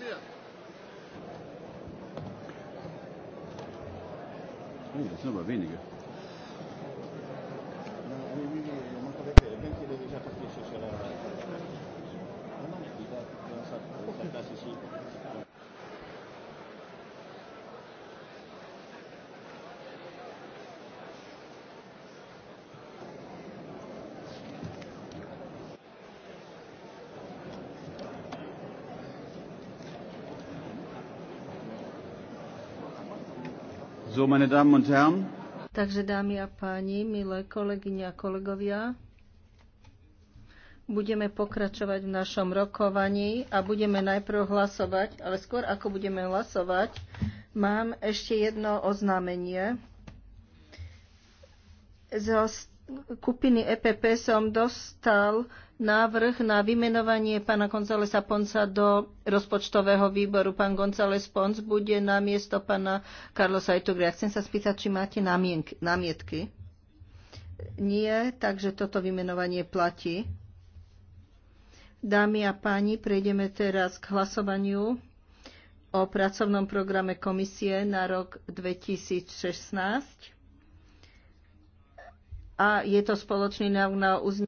Oh, das sind aber wenige. So, meine Damen und Herren. Takže dámy a páni, milé kolegyne a kolegovia, budeme pokračovať v našom rokovaní a budeme najprv hlasovať, ale skôr ako budeme hlasovať, mám ešte jedno oznámenie. Zo skupiny EPP som dostal návrh na vymenovanie pána Gonzalesa Ponca do rozpočtového výboru. Pán González Pons bude na miesto pána Carlosa Itugria. Chcem sa spýtať, či máte námietky. Nie, takže toto vymenovanie platí. Dámy a páni, prejdeme teraz k hlasovaniu o pracovnom programe komisie na rok 2016. A je to spoločný návrh na uznanie